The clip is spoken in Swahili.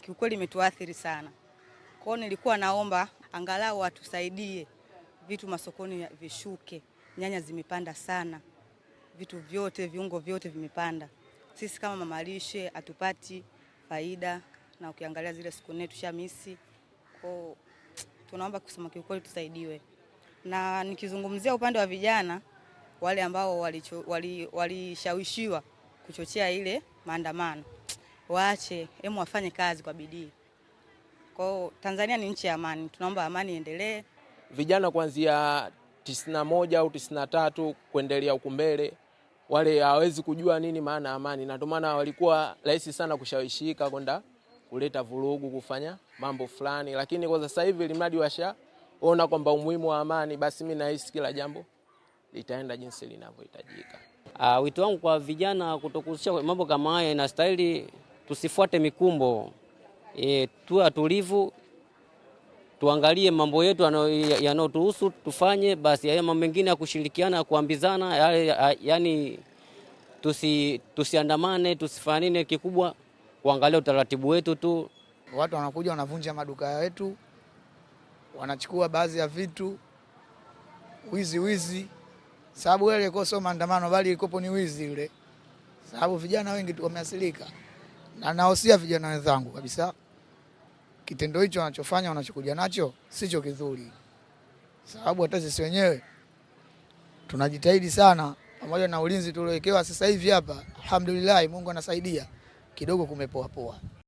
kiukweli imetuathiri sana. Kwao nilikuwa naomba angalau watusaidie vitu masokoni vishuke, nyanya zimepanda sana, vitu vyote, viungo vyote vimepanda. Sisi kama mamalishe hatupati faida, na ukiangalia zile siku nne tushamisi. Kwao tunaomba kusema kiukweli tusaidiwe. Na nikizungumzia upande wa vijana wale ambao walishawishiwa wali, wali kuchochea ile maandamano waache, hemu wafanye kazi kwa bidii. Kwao Tanzania ni nchi ya amani, tunaomba amani iendelee. Vijana kuanzia tisini na moja au tisini na tatu kuendelea huku mbele wale hawezi kujua nini maana amani, na ndio maana walikuwa rahisi sana kushawishika kwenda kuleta vurugu, kufanya mambo fulani, lakini kwa sasa hivi limradi washa ona kwamba umuhimu wa amani, basi mimi nahisi kila jambo litaenda jinsi linavyohitajika. Uh, wito wangu kwa vijana kutokuhusisha mambo kama haya, inastahili tusifuate mikumbo e, tuwa tulivu, tuangalie mambo yetu yanayotuhusu tufanye basi. Haya mambo mengine ya kushirikiana ya kuambizana ya, yani tusi, tusiandamane tusifanine, kikubwa kuangalia utaratibu wetu tu. Watu wanakuja wanavunja maduka yetu, wanachukua baadhi ya vitu, wizi wizi, sababu ile ilikuwa sio maandamano, bali ilikopo ni wizi ile, sababu vijana wengi wameasilika na nahusia vijana wenzangu kabisa, kitendo hicho wanachofanya wanachokuja nacho sicho kizuri, sababu hata sisi wenyewe tunajitahidi sana, pamoja na ulinzi tuliowekewa sasa hivi hapa. Alhamdulillah, Mungu anasaidia kidogo, kumepoapoa.